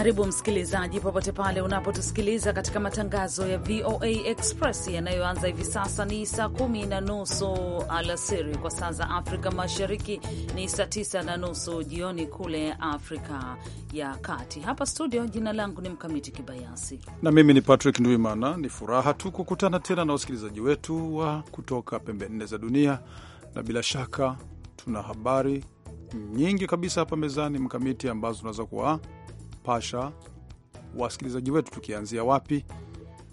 karibu msikilizaji, popote pale unapotusikiliza katika matangazo ya VOA Express yanayoanza hivi sasa. Ni saa kumi na nusu alasiri kwa saa za Afrika Mashariki, ni saa tisa na nusu jioni kule Afrika ya Kati. Hapa studio, jina langu ni Mkamiti Kibayasi na mimi ni Patrick Nduimana. Ni furaha tu kukutana tena na wasikilizaji wetu wa kutoka pembe nne za dunia, na bila shaka tuna habari nyingi kabisa hapa mezani, Mkamiti, ambazo tunaweza kuwa Pasha, wasikilizaji wetu, tukianzia wapi?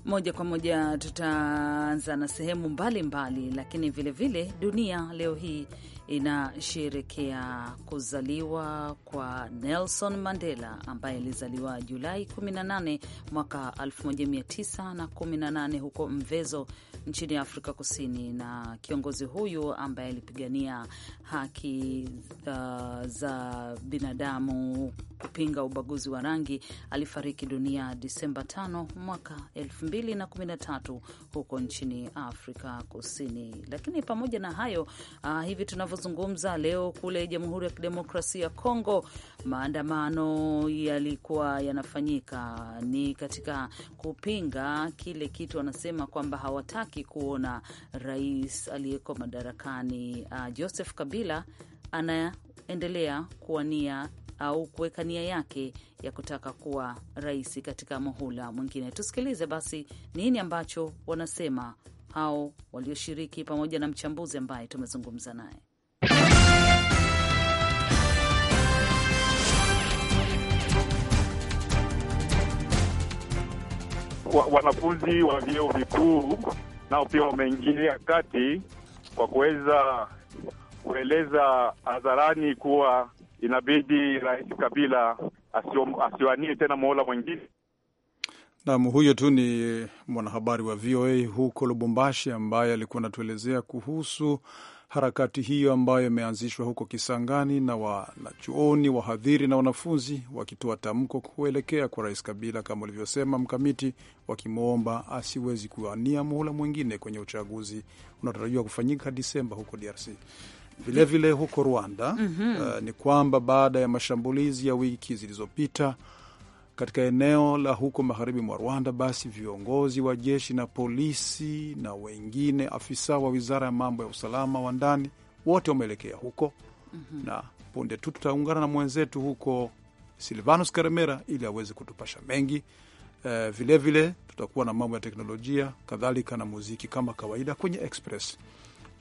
Moja kwa moja tutaanza na sehemu mbalimbali, lakini vilevile vile, dunia leo hii inasherekea kuzaliwa kwa Nelson Mandela ambaye alizaliwa Julai 18 mwaka 1918 huko Mvezo nchini Afrika Kusini, na kiongozi huyu ambaye alipigania haki uh, za binadamu kupinga ubaguzi wa rangi alifariki dunia Disemba 5 mwaka 2013 huko nchini Afrika Kusini. Lakini pamoja na hayo uh, hivi tunavyo tunavyozungumza leo kule Jamhuri ya Kidemokrasia ya Kongo maandamano yalikuwa yanafanyika ni katika kupinga kile kitu wanasema kwamba hawataki kuona rais aliyeko madarakani uh, Joseph Kabila anaendelea kuwania au kuweka nia yake ya kutaka kuwa rais katika muhula mwingine. Tusikilize basi nini ambacho wanasema hao walioshiriki pamoja na mchambuzi ambaye tumezungumza naye. wanafunzi wa vyeo vikuu nao pia wameingilia kati kwa kuweza kueleza hadharani kuwa inabidi Rais Kabila asiwanie tena muhula mwingine. nam huyo tu ni mwanahabari wa VOA huko Lubumbashi ambaye alikuwa anatuelezea kuhusu Harakati hiyo ambayo imeanzishwa huko Kisangani na wanachuoni, wahadhiri na wanafunzi wakitoa tamko kuelekea kwa Rais Kabila kama ulivyosema Mkamiti, wakimwomba asiwezi kuwania muhula mwingine kwenye uchaguzi unaotarajiwa kufanyika Disemba huko DRC. Vilevile vile huko Rwanda mm -hmm. Uh, ni kwamba baada ya mashambulizi ya wiki zilizopita katika eneo la huko magharibi mwa Rwanda, basi viongozi wa jeshi na polisi na wengine afisa wa wizara ya mambo ya usalama wa ndani wote wameelekea huko mm -hmm. na punde tu tutaungana na mwenzetu huko Silvanus Karemera ili aweze kutupasha mengi vilevile. Eh, uh, vile, tutakuwa na mambo ya teknolojia kadhalika na muziki kama kawaida kwenye Express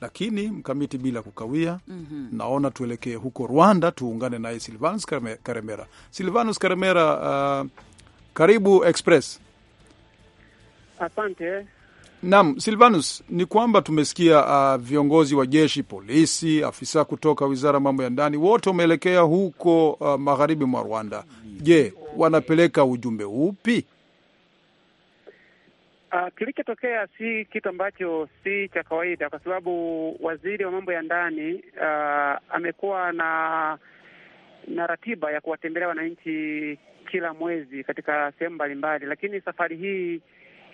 lakini mkamiti, bila kukawia, mm -hmm. naona tuelekee huko Rwanda, tuungane naye Silvanus Karemera. Silvanus Karemera, uh, karibu Express. Asante. Naam, Silvanus, ni kwamba tumesikia uh, viongozi wa jeshi, polisi, afisa kutoka wizara mambo ya ndani, wote wameelekea huko uh, magharibi mwa Rwanda. Je, wanapeleka ujumbe upi? Uh, kilichotokea si kitu ambacho si cha kawaida, kwa sababu waziri wa mambo ya ndani uh, amekuwa na na ratiba ya kuwatembelea wananchi kila mwezi katika sehemu mbalimbali, lakini safari hii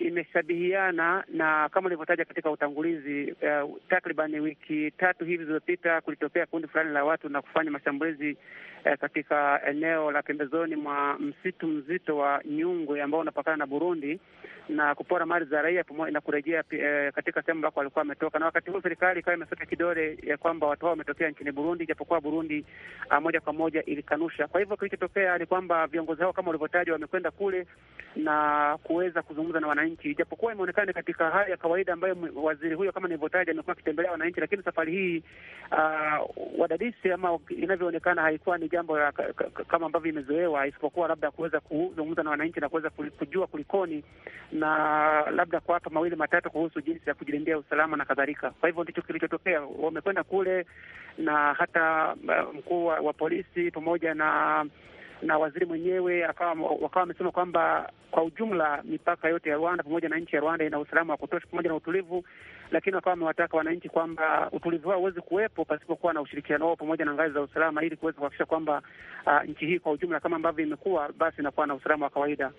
imeshabihiana na kama ulivyotaja katika utangulizi. Uh, takriban wiki tatu hivi zilizopita kulitokea kundi fulani la watu na kufanya mashambulizi uh, katika eneo la pembezoni mwa msitu mzito wa Nyungwe ambao unapakana na Burundi na kupora mali za raia pamoja na kurejea uh, katika sehemu ambako walikuwa wametoka, na wakati huu serikali ikawa imesota kidole ya kwamba watu hao wametokea nchini Burundi, ijapokuwa Burundi uh, moja kwa moja ilikanusha. Kwa hivyo kilichotokea ni kwamba viongozi hao kama ulivyotaja wamekwenda kule na kuweza kuzungumza na wananchi wananchi, ijapokuwa imeonekana katika hali ya kawaida ambayo waziri huyo kama nilivyotaja amekuwa akitembelea wananchi, lakini safari hii uh, wadadisi ama inavyoonekana haikuwa ni jambo la kama ambavyo imezoewa, isipokuwa labda kuweza kuzungumza na wananchi na kuweza kujua kulikoni na labda kuwapa mawili matatu kuhusu jinsi ya kujilindia usalama na kadhalika. Kwa hivyo ndicho kilichotokea, wamekwenda kule na hata uh, mkuu wa polisi pamoja na na waziri mwenyewe wakawa wamesema kwamba kwa ujumla mipaka yote ya Rwanda pamoja na nchi ya Rwanda ina usalama wa kutosha pamoja na utulivu, lakini wakawa wamewataka wananchi kwamba utulivu wao huwezi kuwepo pasipokuwa na ushirikiano wao pamoja na ngazi za usalama, ili kuweza kuhakikisha kwamba uh, nchi hii kwa ujumla kama ambavyo imekuwa basi inakuwa na usalama wa kawaida.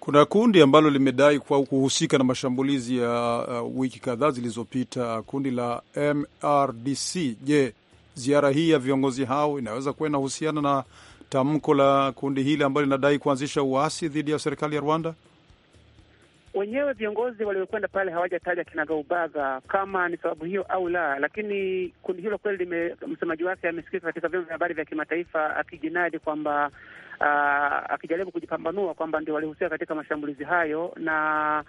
Kuna kundi ambalo limedai kwa kuhusika na mashambulizi ya uh, wiki kadhaa zilizopita, kundi la MRDC. Je, ziara hii ya viongozi hao inaweza kuwa inahusiana na tamko la kundi hili ambalo linadai kuanzisha uasi dhidi ya serikali ya Rwanda? Wenyewe viongozi waliokwenda pale hawajataja kinagaubaga kama ni sababu hiyo au la, lakini kundi hilo kweli msemaji wake amesikika katika vyombo vya habari vya kimataifa akijinadi kwamba, uh, akijaribu kujipambanua kwamba ndio walihusika katika mashambulizi hayo na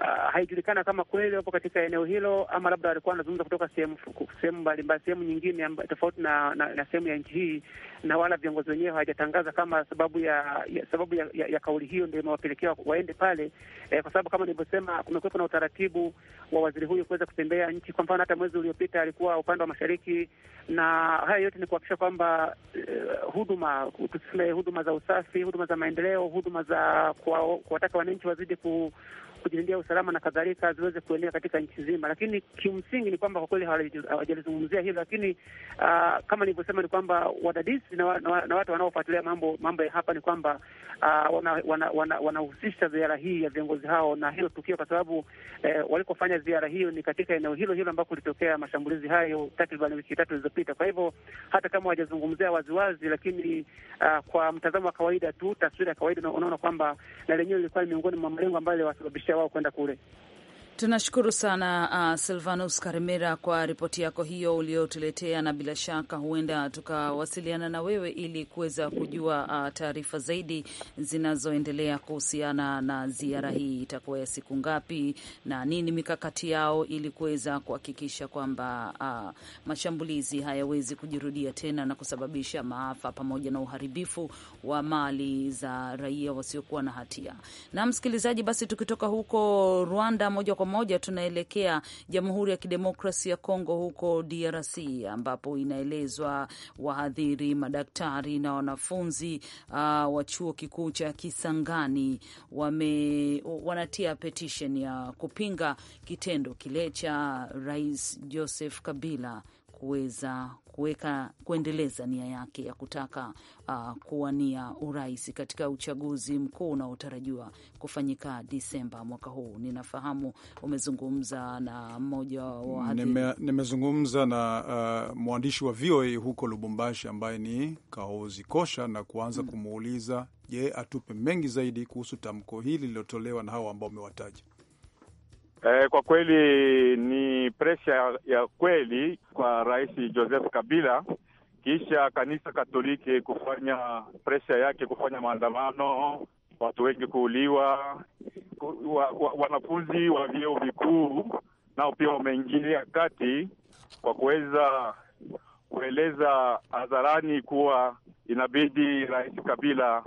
Uh, ah, haijulikana kama kweli wapo katika eneo hilo ama labda walikuwa wanazungumza kutoka sehemu sehemu mbalimbali sehemu nyingine tofauti na, na, na sehemu ya nchi hii, na wala viongozi wenyewe hawajatangaza kama sababu ya, ya sababu ya, ya, ya kauli hiyo ndio imewapelekea waende pale eh, kwa sababu kama nilivyosema, kumekuwepo na utaratibu wa waziri huyu kuweza kutembea nchi. Kwa mfano hata mwezi uliopita alikuwa upande wa mashariki, na haya yote ni kuhakikisha kwamba eh, huduma tuseme, huduma za usafi, huduma za maendeleo, huduma za kuwataka wananchi wazidi ku kujilindia usalama na kadhalika ziweze kuenea katika nchi nzima. Lakini kimsingi ni kwamba kwa kweli hawajalizungumzia hilo, lakini uh, kama nilivyosema ni kwamba wadadisi na, na, na watu wanaofuatilia mambo mambo ya hapa ni kwamba uh, wanahusisha wana, wana, wana ziara hii ya viongozi hao na hilo tukio, kwa sababu eh, walikofanya ziara hiyo ni katika eneo hilo hilo ambako kulitokea mashambulizi hayo takriban wiki tatu zilizopita. Kwa hivyo hata kama hawajazungumzia waziwazi, lakini uh, kwa mtazamo wa kawaida tu, taswira ya kawaida, unaona kwamba na lenyewe lilikuwa ni miongoni mwa malengo ambayo iliwasababisha ha dado cuenta Cure. Tunashukuru sana uh, Silvanus Karimera kwa ripoti yako hiyo uliotuletea, na bila shaka huenda tukawasiliana na wewe ili kuweza kujua uh, taarifa zaidi zinazoendelea kuhusiana na ziara hii, itakuwa ya siku ngapi na nini mikakati yao ili kuweza kuhakikisha kwamba uh, mashambulizi hayawezi kujirudia tena na kusababisha maafa pamoja na uharibifu wa mali za raia wasiokuwa na hatia. Na msikilizaji, basi tukitoka huko Rwanda moja kwa kwa moja tunaelekea Jamhuri ya kidemokrasi ya Kongo, huko DRC ambapo inaelezwa wahadhiri, madaktari na wanafunzi uh, wa chuo kikuu cha Kisangani wame, wanatia petition ya kupinga kitendo kile cha Rais Joseph Kabila kuweza kuweka kuendeleza nia yake ya kutaka uh, kuwania urais katika uchaguzi mkuu unaotarajiwa kufanyika Disemba mwaka huu. Ninafahamu umezungumza na mmoja wa nimezungumza na uh, mwandishi wa VOA huko Lubumbashi ambaye ni Kaozi Kosha na kuanza mm, kumuuliza je, atupe mengi zaidi kuhusu tamko hili lililotolewa na hawa ambao umewataja. Eh, kwa kweli ni presha ya kweli kwa Rais Joseph Kabila kisha kanisa Katoliki kufanya presha yake kufanya maandamano, watu wengi kuuliwa, ku, wa, wa, wanafunzi wa vyeo vikuu nao pia wameingilia kati kwa kuweza kueleza hadharani kuwa inabidi Rais Kabila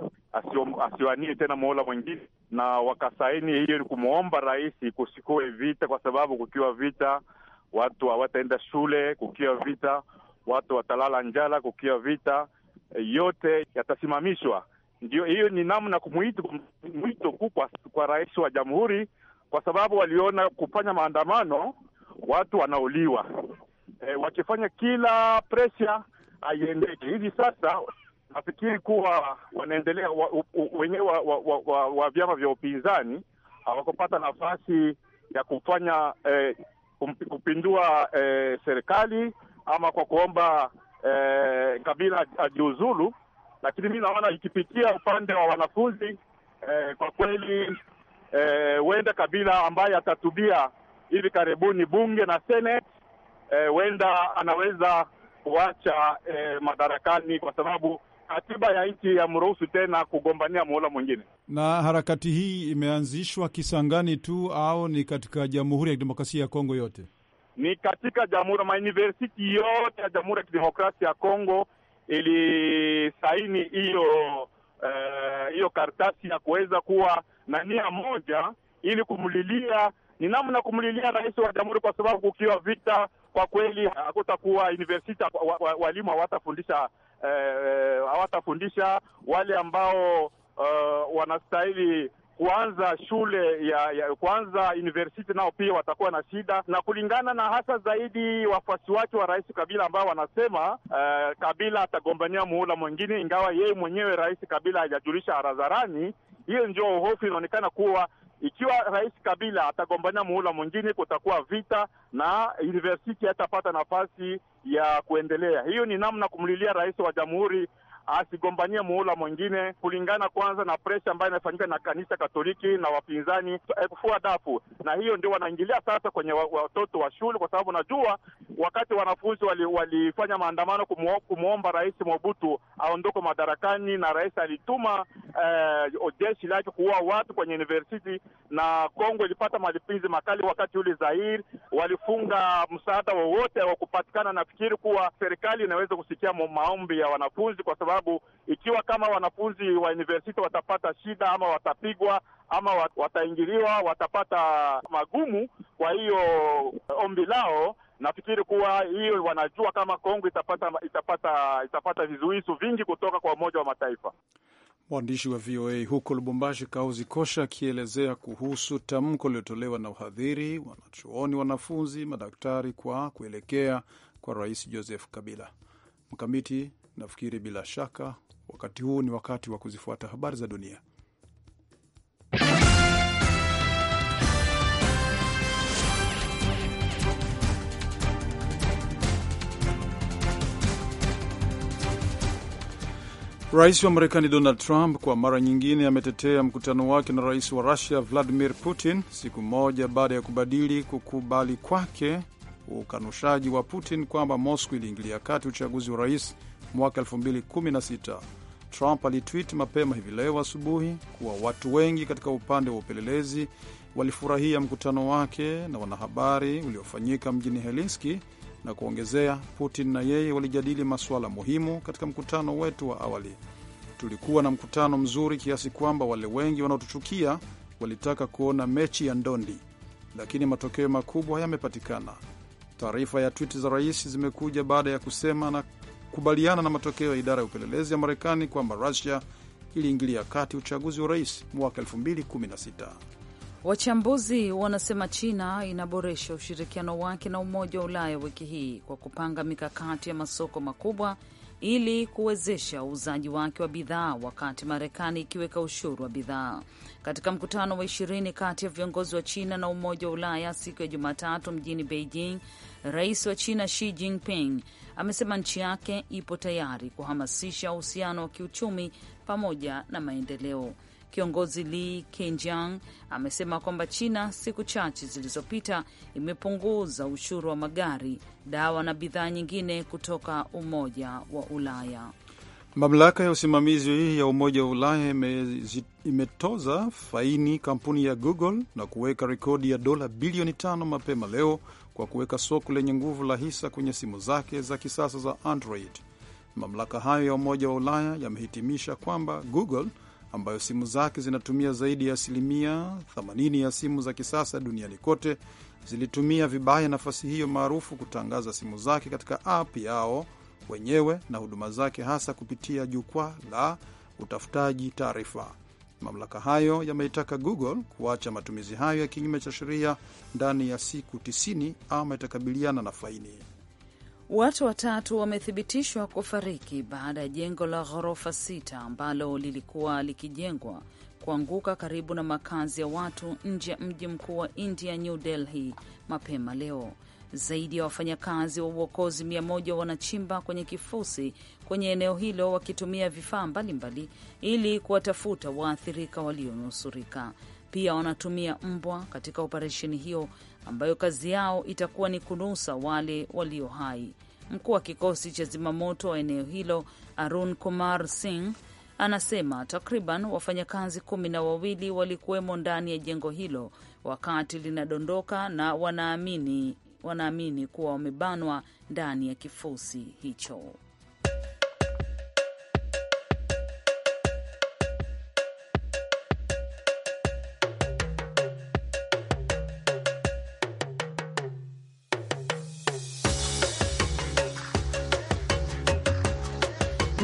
asiwanie tena muola mwingine na wakasaini hiyo, ni kumwomba rais kusikuwe vita, kwa sababu kukiwa vita watu hawataenda shule, kukiwa vita watu watalala njala, kukiwa vita yote yatasimamishwa. Ndio hiyo ni namna kumwito kuu kwa, kwa rais wa jamhuri, kwa sababu waliona kufanya maandamano watu wanauliwa. E, wakifanya kila presha haiendeki hivi sasa nafikiri kuwa wanaendelea wenyewe wa, wa, wa, wa, wa vyama vya upinzani hawakupata nafasi ya kufanya eh, kupindua eh, serikali ama kwa kuomba eh, Kabila ajiuzulu, lakini mi naona ikipitia upande wa wanafunzi eh, kwa kweli eh, huenda eh, Kabila ambaye atatubia hivi karibuni bunge na seneti eh, huenda eh, anaweza kuacha eh, madarakani kwa sababu katiba ya nchi yamruhusu tena kugombania muhula mwingine. Na harakati hii imeanzishwa Kisangani tu au ni katika Jamhuri ya Kidemokrasia ya Kongo yote? Ni katika jamhuri, mauniversiti yote ya Jamhuri ya Kidemokrasia ya Kongo ilisaini hiyo eh, hiyo uh, karatasi ya kuweza kuwa na nia moja ili kumlilia ni namna kumlilia rais wa jamhuri, kwa sababu kukiwa vita, kwa kweli hakutakuwa university, walimu hawatafundisha Eh, eh, hawatafundisha eh, wale ambao uh, wanastahili kuanza shule ya, ya kuanza university nao pia watakuwa na shida, na kulingana na hasa zaidi wafuasi wake wa Rais Kabila ambao wanasema uh, Kabila atagombania muhula mwingine, ingawa yeye mwenyewe Rais Kabila hajajulisha hadharani. Hiyo ndio hofu inaonekana kuwa ikiwa Rais Kabila atagombania muhula mwingine, kutakuwa vita na university atapata nafasi ya kuendelea. Hiyo ni namna kumlilia rais wa jamhuri asigombanie muhula mwingine, kulingana kwanza na presha ambayo inafanyika na kanisa Katoliki na wapinzani eh, kufua dafu, na hiyo ndio wanaingilia sasa kwenye watoto wa shule, kwa sababu najua wakati wanafunzi walifanya wali maandamano kumwomba Rais Mobutu aondoke madarakani, na rais alituma uh, jeshi lake kuua watu kwenye university, na Kongo ilipata malipizi makali wakati ule. Zaire walifunga msaada wowote wa kupatikana. Nafikiri kuwa serikali inaweza kusikia maombi ya wanafunzi, kwa sababu ikiwa kama wanafunzi wa university watapata shida ama watapigwa ama wataingiliwa, watapata magumu. Kwa hiyo eh, ombi lao nafikiri kuwa hiyo wanajua kama Kongo itapata itapata itapata vizuizi vingi kutoka kwa Umoja wa Mataifa. Mwandishi wa VOA huko Lubumbashi, kauzi Kosha, akielezea kuhusu tamko lililotolewa na uhadhiri wanachuoni, wanafunzi, madaktari kwa kuelekea kwa Rais Joseph Kabila. Mkamiti, nafikiri bila shaka wakati huu ni wakati wa kuzifuata habari za dunia. Rais wa Marekani Donald Trump kwa mara nyingine ametetea mkutano wake na rais wa Rusia Vladimir Putin siku moja baada ya kubadili kukubali kwake ukanushaji wa Putin kwamba Moscow iliingilia kati uchaguzi wa rais mwaka 2016. Trump alitwit mapema hivi leo asubuhi kuwa watu wengi katika upande wa upelelezi walifurahia mkutano wake na wanahabari uliofanyika mjini Helsinki na kuongezea, Putin na yeye walijadili masuala muhimu katika mkutano wetu wa awali. Tulikuwa na mkutano mzuri kiasi kwamba wale wengi wanaotuchukia walitaka kuona mechi ya ndondi, lakini matokeo makubwa yamepatikana. Taarifa ya twiti za rais zimekuja baada ya kusema na kubaliana na matokeo ya idara ya upelelezi ya Marekani kwamba Rusia iliingilia kati uchaguzi wa rais mwaka 2016. Wachambuzi wanasema China inaboresha ushirikiano wake na Umoja wa Ulaya wiki hii kwa kupanga mikakati ya masoko makubwa ili kuwezesha uuzaji wake wa bidhaa, wakati Marekani ikiweka ushuru wa bidhaa. Katika mkutano wa ishirini kati ya viongozi wa China na Umoja wa Ulaya siku ya Jumatatu mjini Beijing, rais wa China Xi Jinping amesema nchi yake ipo tayari kuhamasisha uhusiano wa kiuchumi pamoja na maendeleo. Kiongozi Li Kenjiang amesema kwamba China siku chache zilizopita imepunguza ushuru wa magari, dawa na bidhaa nyingine kutoka Umoja wa Ulaya. Mamlaka ya usimamizi ya Umoja wa Ulaya imetoza faini kampuni ya Google na kuweka rekodi ya dola bilioni tano mapema leo kwa kuweka soko lenye nguvu la hisa kwenye simu zake za kisasa za Android. Mamlaka hayo ya Umoja wa Ulaya yamehitimisha kwamba Google ambayo simu zake zinatumia zaidi ya asilimia 80 ya simu za kisasa duniani kote zilitumia vibaya nafasi hiyo maarufu kutangaza simu zake katika app yao wenyewe na huduma zake hasa kupitia jukwaa la utafutaji taarifa. Mamlaka hayo yameitaka Google kuacha matumizi hayo ya kinyume cha sheria ndani ya siku 90 ama itakabiliana na faini. Watu watatu wamethibitishwa kufariki baada ya jengo la ghorofa sita ambalo lilikuwa likijengwa kuanguka karibu na makazi ya watu nje ya mji mkuu wa India, New Delhi, mapema leo. Zaidi ya wafanyakazi wa uokozi mia moja wanachimba kwenye kifusi kwenye eneo hilo wakitumia vifaa mbalimbali ili kuwatafuta waathirika walionusurika. Pia wanatumia mbwa katika operesheni hiyo ambayo kazi yao itakuwa ni kunusa wale walio hai. Mkuu wa kikosi cha zimamoto wa eneo hilo Arun Kumar Singh anasema takriban wafanyakazi kumi na wawili walikuwemo ndani ya jengo hilo wakati linadondoka na wanaamini, wanaamini kuwa wamebanwa ndani ya kifusi hicho.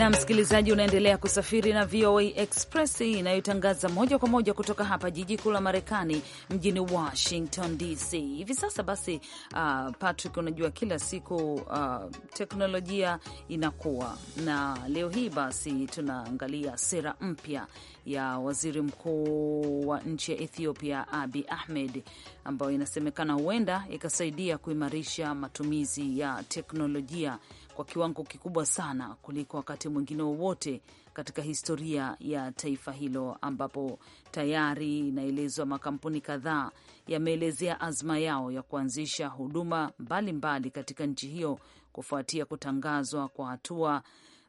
na msikilizaji, unaendelea kusafiri na VOA Express inayotangaza moja kwa moja kutoka hapa jiji kuu la Marekani, mjini Washington DC hivi sasa. Basi uh, Patrick, unajua kila siku uh, teknolojia inakuwa na leo hii basi tunaangalia sera mpya ya waziri mkuu wa nchi ya Ethiopia Abi Ahmed ambayo inasemekana huenda ikasaidia kuimarisha matumizi ya teknolojia kwa kiwango kikubwa sana kuliko wakati mwingine wowote katika historia ya taifa hilo, ambapo tayari inaelezwa makampuni kadhaa yameelezea azma yao ya kuanzisha huduma mbalimbali mbali katika nchi hiyo kufuatia kutangazwa kwa hatua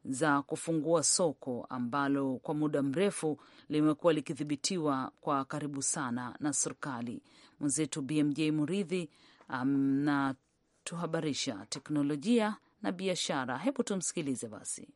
za kufungua soko ambalo kwa muda mrefu limekuwa likidhibitiwa kwa karibu sana na serikali. Mwenzetu BMJ Muridhi anatuhabarisha um, teknolojia na biashara. Hebu tumsikilize basi.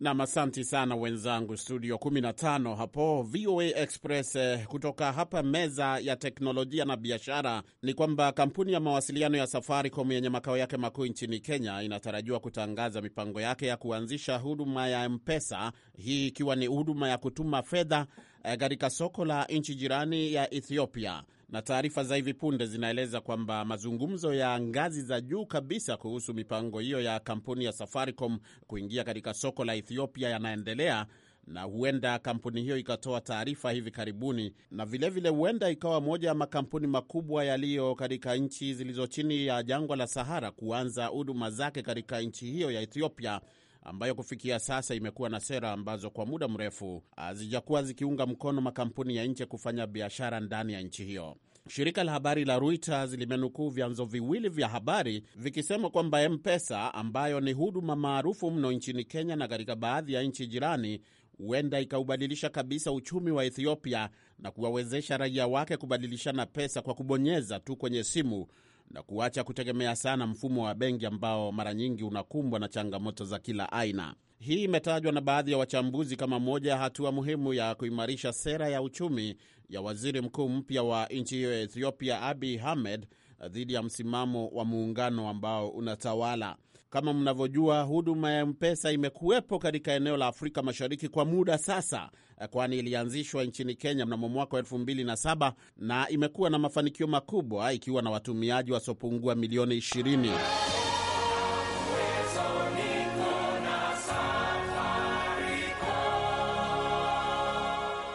Nam, asanti sana wenzangu studio 15 hapo VOA Express. Eh, kutoka hapa meza ya teknolojia na biashara, ni kwamba kampuni ya mawasiliano ya Safaricom yenye makao yake makuu nchini Kenya inatarajiwa kutangaza mipango yake ya kuanzisha huduma ya Mpesa, hii ikiwa ni huduma ya kutuma fedha eh, katika soko la nchi jirani ya Ethiopia na taarifa za hivi punde zinaeleza kwamba mazungumzo ya ngazi za juu kabisa kuhusu mipango hiyo ya kampuni ya Safaricom kuingia katika soko la Ethiopia yanaendelea na huenda kampuni hiyo ikatoa taarifa hivi karibuni, na vilevile huenda vile ikawa moja ya makampuni makubwa yaliyo katika nchi zilizo chini ya jangwa la Sahara kuanza huduma zake katika nchi hiyo ya Ethiopia ambayo kufikia sasa imekuwa na sera ambazo kwa muda mrefu hazijakuwa zikiunga mkono makampuni ya nje kufanya biashara ndani ya nchi hiyo. Shirika la habari la Reuters limenukuu vyanzo viwili vya habari vikisema kwamba M-Pesa ambayo ni huduma maarufu mno nchini Kenya na katika baadhi ya nchi jirani huenda ikaubadilisha kabisa uchumi wa Ethiopia na kuwawezesha raia wake kubadilishana pesa kwa kubonyeza tu kwenye simu na kuacha kutegemea sana mfumo wa benki ambao mara nyingi unakumbwa na changamoto za kila aina. Hii imetajwa na baadhi ya wachambuzi kama moja ya hatua muhimu ya kuimarisha sera ya uchumi ya waziri mkuu mpya wa nchi hiyo ya Ethiopia, Abiy Ahmed, dhidi ya msimamo wa muungano ambao unatawala. Kama mnavyojua, huduma ya mpesa imekuwepo katika eneo la Afrika Mashariki kwa muda sasa, kwani ilianzishwa nchini Kenya mnamo mwaka 2007 na imekuwa na mafanikio makubwa ikiwa na watumiaji wasiopungua milioni 20.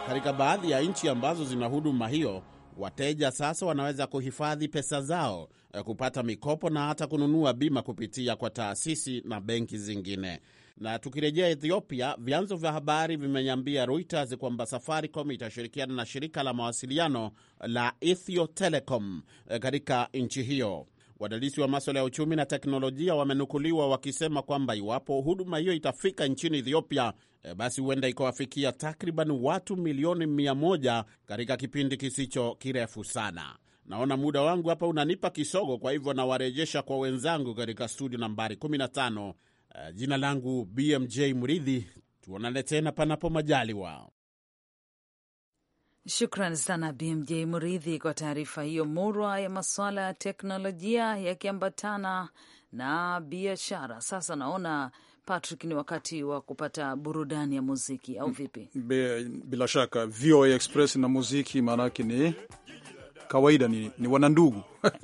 Katika baadhi ya nchi ambazo zina huduma hiyo Wateja sasa wanaweza kuhifadhi pesa zao, eh, kupata mikopo na hata kununua bima kupitia kwa taasisi na benki zingine. Na tukirejea Ethiopia, vyanzo vya habari vimenyambia Reuters kwamba Safaricom itashirikiana na shirika la mawasiliano la Ethio Telecom eh, katika nchi hiyo. Wadadisi wa maswala ya uchumi na teknolojia wamenukuliwa wakisema kwamba iwapo huduma hiyo itafika nchini Ethiopia, e, basi huenda ikawafikia takriban watu milioni mia moja katika kipindi kisicho kirefu sana. Naona muda wangu hapa unanipa kisogo, kwa hivyo nawarejesha kwa wenzangu katika studio nambari 15. Uh, e, jina langu BMJ mridhi tuonane tena panapo majaliwa. Shukran sana BMJ Mridhi kwa taarifa hiyo murwa ya masuala ya teknolojia yakiambatana na biashara. Sasa naona Patrick, ni wakati wa kupata burudani ya muziki au mm, vipi? Be, bila shaka VOA Express na muziki maanake ni kawaida, ni, ni wanandugu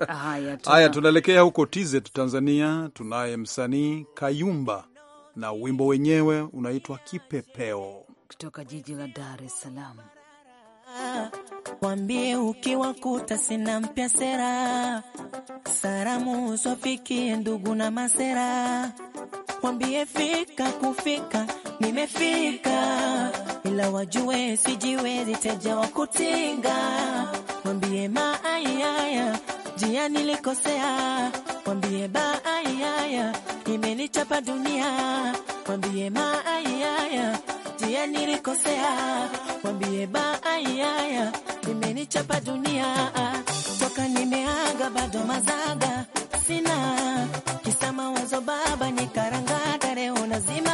haya. Tunaelekea huko TZ Tanzania, tunaye msanii Kayumba na wimbo wenyewe unaitwa Kipepeo kutoka jiji la Dar es Salaam. Wambie ukiwakuta sina mpya sera, salamu usiwafikie ndugu na masera. Wambie fika kufika nimefika, ila wajue sijiwezi teja kutinga Wambie maayaya jia nilikosea, wambie baayaya imenichapa dunia, wambie maayaya mwambie nilikosea, mwambie ba ayaya imenichapa dunia, toka nimeaga bado mazaga sina kisa mawazo baba nikarangata leo lazima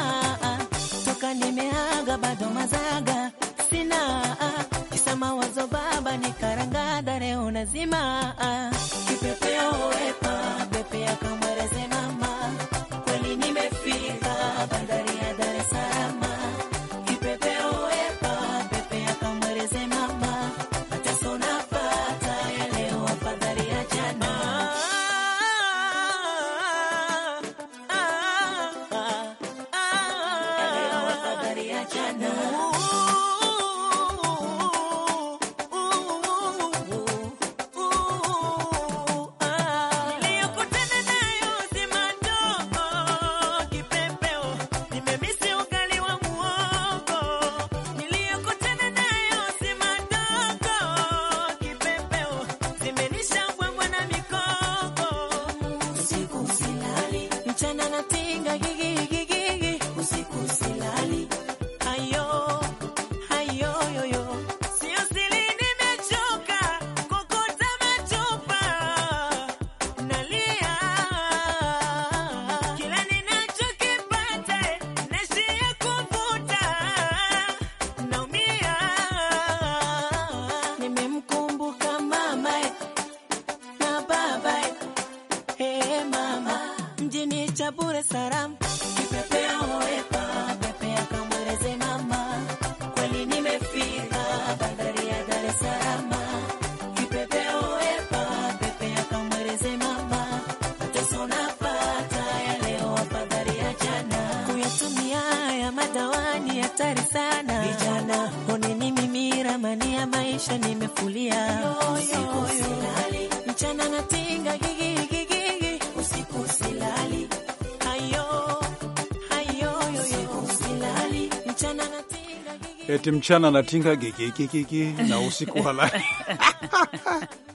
eti mchana natinga gikikikiki na usiku wala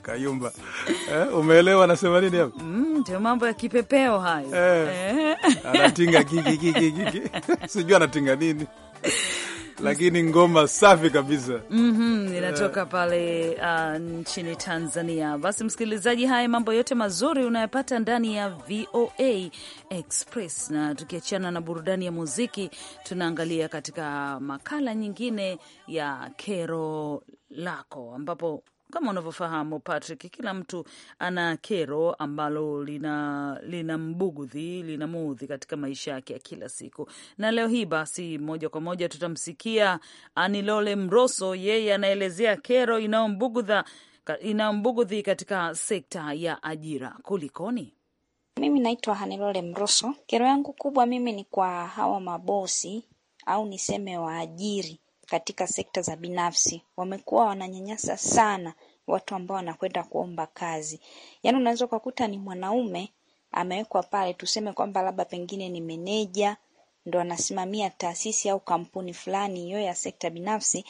Kayumba eh, umeelewa anasema nini hapo? Mm, ndio mambo ya kipepeo hayo eh, eh. Anatinga gigigigigi sijui anatinga nini lakini ngoma safi kabisa mm -hmm, inatoka pale uh, nchini Tanzania. Basi msikilizaji, haya mambo yote mazuri unayopata ndani ya VOA Express, na tukiachana na burudani ya muziki, tunaangalia katika makala nyingine ya kero lako ambapo kama unavyofahamu Patrick, kila mtu ana kero ambalo lina lina mbugudhi muudhi katika maisha yake ya kila siku, na leo hii basi moja kwa moja tutamsikia Anilole Mroso. Yeye anaelezea kero inayombugudha inayombugudhi katika sekta ya ajira. Kulikoni? Mimi naitwa Hanilole Mroso. Kero yangu kubwa mimi ni kwa hawa mabosi au niseme waajiri katika sekta za binafsi wamekuwa wananyanyasa sana watu ambao wanakwenda kuomba kazi. Yaani unaweza ukakuta ni mwanaume amewekwa pale, tuseme kwamba labda pengine ni meneja ndo anasimamia taasisi au kampuni fulani hiyo ya sekta binafsi,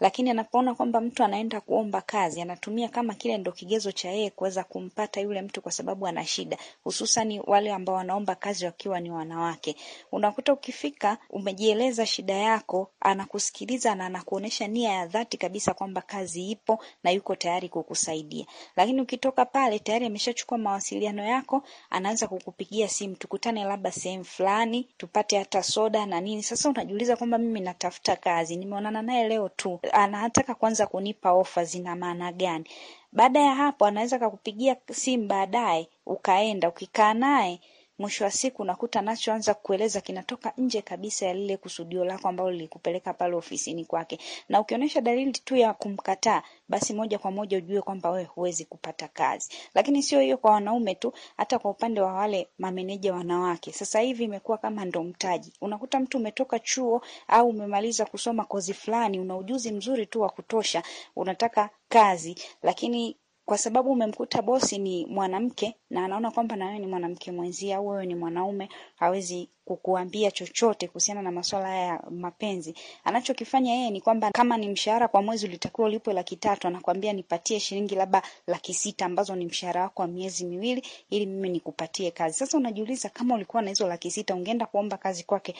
lakini anapoona kwamba mtu anaenda kuomba kazi anatumia kama kile ndo kigezo cha yeye kuweza kumpata yule mtu, kwa sababu ana shida, hususan wale ambao wanaomba kazi wakiwa ni wanawake. Unakuta ukifika umejieleza shida yako, anakusikiliza na anakuonesha nia ya dhati kabisa kwamba kazi ipo na yuko tayari kukusaidia. Lakini ukitoka pale tayari ameshachukua mawasiliano yako, anaanza kukupigia simu, tukutane labda sehemu fulani, tupate hata soda na nini. Sasa unajiuliza kwamba mimi natafuta kazi, nimeonana naye leo tu anataka kwanza kunipa ofa zina maana gani. Baada ya hapo anaweza kakupigia simu baadaye, ukaenda ukikaa naye mwisho wa siku unakuta anachoanza kueleza kinatoka nje kabisa ya lile kusudio lako ambalo lilikupeleka pale ofisini kwake. Na ukionyesha dalili tu ya kumkataa, basi moja kwa moja ujue kwamba wewe huwezi kupata kazi. Lakini sio hiyo kwa wanaume tu, hata kwa upande wa wale mameneja wanawake. Sasa hivi imekuwa kama ndo mtaji. Unakuta mtu umetoka chuo au umemaliza kusoma kozi fulani, una ujuzi mzuri tu wa kutosha, unataka kazi, lakini kwa sababu umemkuta bosi ni mwanamke na anaona kwamba na wewe ni mwanamke mwenzia au wewe ni mwanaume, hawezi kukuambia chochote kuhusiana na masuala ya mapenzi. Anachokifanya yeye ni kwamba kama ni mshahara kwa mwezi ulitakiwa ulipwe laki tatu, anakwambia nipatie shilingi labda laki sita ambazo ni mshahara wako wa miezi miwili, ili mimi nikupatie kazi. Sasa unajiuliza kama ulikuwa na hizo laki sita ungeenda kuomba kazi kwake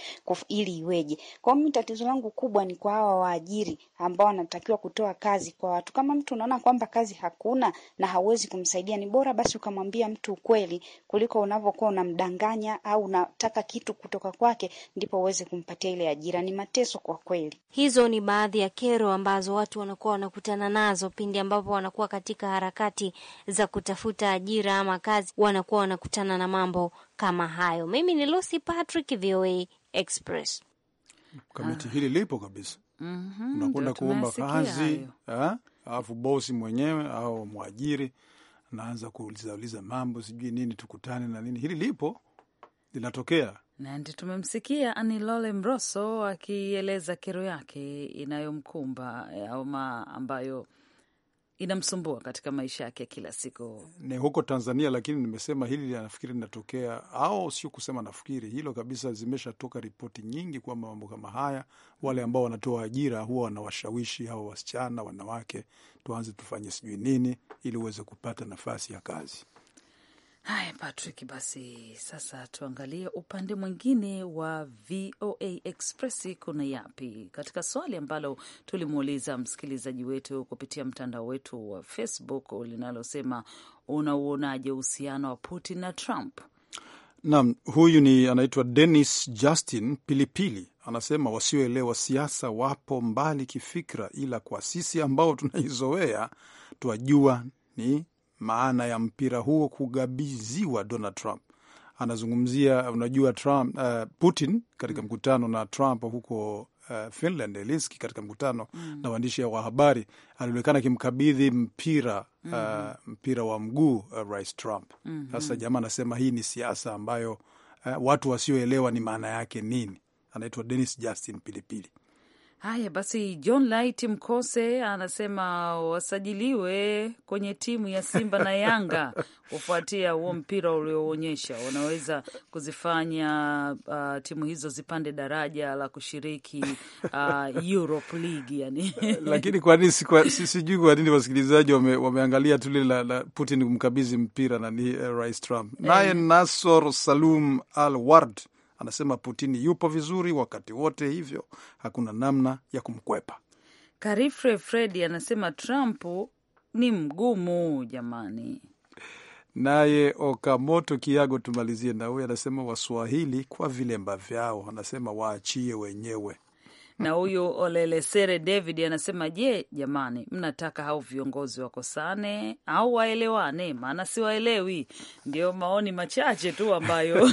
ili iweje? Kwa mimi tatizo langu kubwa ni kwa hawa waajiri ambao wanatakiwa kutoa kazi kwa watu. Kama mtu unaona kwamba kazi hakuna na hauwezi kumsaidia, ni bora basi ukamwambia mtu ukweli kuliko unavyokuwa unamdanganya au unataka kitu kutoka kwake ndipo uweze kumpatia ile ajira. Ni mateso kwa kweli. Hizo ni baadhi ya kero ambazo watu wanakuwa wanakutana nazo pindi ambapo wanakuwa katika harakati za kutafuta ajira ama kazi, wanakuwa wanakutana na mambo kama hayo. Mimi ni Lucy Patrick, VOA Express. Kamiti hili lipo kabisa. Mm -hmm, unakwenda kuomba kazi eh, alafu bosi mwenyewe au mwajiri naanza kuulizauliza mambo sijui nini, tukutane na nini. Hili lipo linatokea na ndi tumemsikia Anilole Mroso akieleza kero yake inayomkumba eh, ama ambayo inamsumbua katika maisha yake kila siku. Ni huko Tanzania, lakini nimesema hili nafikiri linatokea, au sio kusema nafikiri, hilo kabisa, zimeshatoka ripoti nyingi kwamba mambo kama haya, wale ambao wanatoa ajira huwa wanawashawishi hawa wasichana, wanawake, tuanze tufanye sijui nini ili uweze kupata nafasi ya kazi. Haya, Patrick, basi sasa tuangalie upande mwingine wa VOA Express, kuna yapi katika swali ambalo tulimuuliza msikilizaji wetu kupitia mtandao wetu wa Facebook linalosema unauonaje uhusiano wa Putin na Trump? Naam, huyu ni anaitwa Dennis Justin Pilipili, anasema wasioelewa siasa wapo mbali kifikra, ila kwa sisi ambao tunaizoea twajua ni maana ya mpira huo kugabiziwa Donald Trump. Anazungumzia unajua, Trump uh, Putin katika mm. mkutano na Trump huko Uh, Finland Helsinki katika mkutano mm. na waandishi wa habari alionekana akimkabidhi mpira mm -hmm. uh, mpira wa mguu uh, Rais Trump mm -hmm. Sasa jamaa anasema hii ni siasa ambayo uh, watu wasioelewa ni maana yake nini. Anaitwa Dennis Justin Pilipili. Haya basi, John Light Mkose anasema wasajiliwe kwenye timu ya Simba na Yanga kufuatia huo mpira ulioonyesha, wanaweza kuzifanya uh, timu hizo zipande daraja la kushiriki uh, Europe League yani. Lakini kwa nini sijui kwa nini wasikilizaji wame, wameangalia tu lile la, la Putin kumkabidhi mpira nani, uh, eh, Rais Trump naye hey. Eh. Nasor Salum Al Ward Anasema Putini yupo vizuri wakati wote, hivyo hakuna namna ya kumkwepa. Karifre Fredi anasema Trump ni mgumu jamani. Naye Okamoto Kiago, tumalizie na huyu, anasema Waswahili kwa vilemba vyao, anasema waachie wenyewe. Na huyu Olelesere David anasema, je, jamani, mnataka hao viongozi wakosane au waelewane? Maana siwaelewi. Ndio maoni machache tu ambayo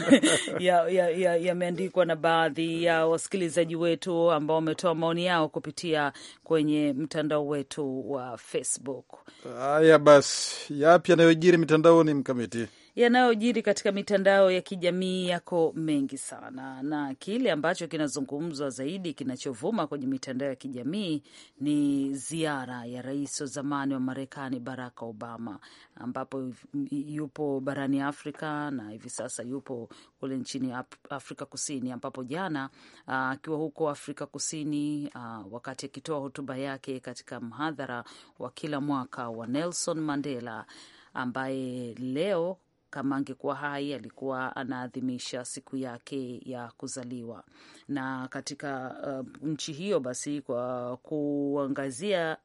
yameandikwa ya, ya, ya na baadhi ya wasikilizaji wetu ambao wametoa maoni yao kupitia kwenye mtandao wetu wa Facebook. Haya basi, yapi yanayojiri mitandaoni, Mkamiti? yanayojiri katika mitandao ya kijamii yako mengi sana, na kile ambacho kinazungumzwa zaidi, kinachovuma kwenye mitandao ya kijamii ni ziara ya rais wa zamani wa Marekani Barack Obama, ambapo yupo barani Afrika na hivi sasa yupo kule nchini Afrika Kusini, ambapo jana uh, akiwa huko Afrika Kusini, uh, wakati akitoa hotuba yake katika mhadhara wa kila mwaka wa Nelson Mandela ambaye leo kama angekuwa hai alikuwa anaadhimisha siku yake ya kuzaliwa. Na katika uh, nchi hiyo basi, kwa kuangazia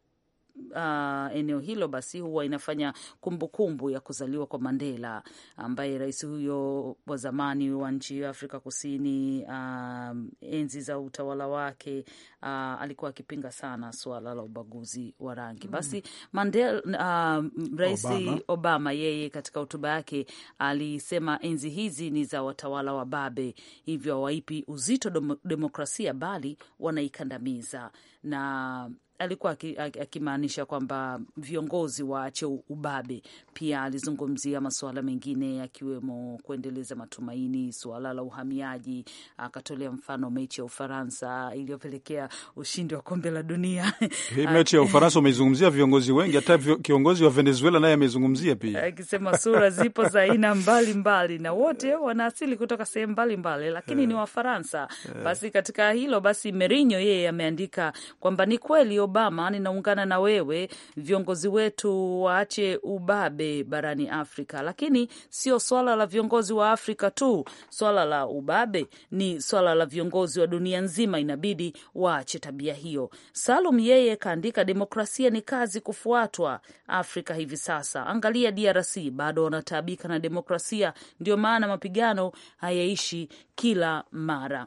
Uh, eneo hilo basi huwa inafanya kumbukumbu kumbu ya kuzaliwa kwa Mandela ambaye rais huyo wa zamani wa nchi ya Afrika Kusini, uh, enzi za utawala wake, uh, alikuwa akipinga sana suala la ubaguzi wa rangi. Hmm. Basi Mandela, uh, um, rais Obama. Obama yeye katika hotuba yake alisema enzi hizi ni za watawala wa babe, hivyo hawaipi uzito demokrasia bali wanaikandamiza na alikuwa akimaanisha kwamba viongozi waache ubabe. Pia alizungumzia masuala mengine yakiwemo kuendeleza matumaini, suala la uhamiaji. Akatolea mfano mechi ya Ufaransa iliyopelekea ushindi wa kombe la dunia. Hii mechi ya Ufaransa umeizungumzia viongozi wengi, hata kiongozi wa Venezuela naye amezungumzia pia, akisema sura zipo za aina mbalimbali na wote wanaasili kutoka sehemu mbalimbali, lakini yeah. ni Wafaransa yeah. Basi katika hilo basi Merinho yeye ameandika kwamba ni kweli Obama, ninaungana na wewe, viongozi wetu waache ubabe barani Afrika. Lakini sio swala la viongozi wa Afrika tu, swala la ubabe ni swala la viongozi wa dunia nzima, inabidi waache tabia hiyo. Salum yeye kaandika, demokrasia ni kazi kufuatwa Afrika hivi sasa. Angalia DRC, bado wanataabika na demokrasia, ndio maana mapigano hayaishi kila mara.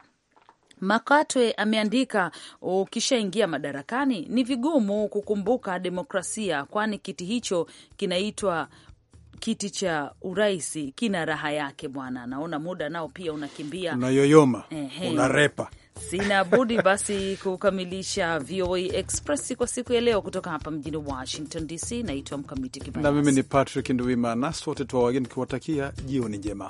Makatwe ameandika, ukishaingia madarakani ni vigumu kukumbuka demokrasia, kwani kiti hicho kinaitwa kiti cha uraisi kina raha yake bwana. Naona muda nao pia unakimbia, unayoyoma, unarepa. Sina budi basi kukamilisha VOA Express kwa siku ya leo, kutoka hapa mjini Washington DC. Naitwa Mkamiti Kibayasi na mimi ni Patrick Nduwimana, sote tuwa wageni kiwatakia jioni njema.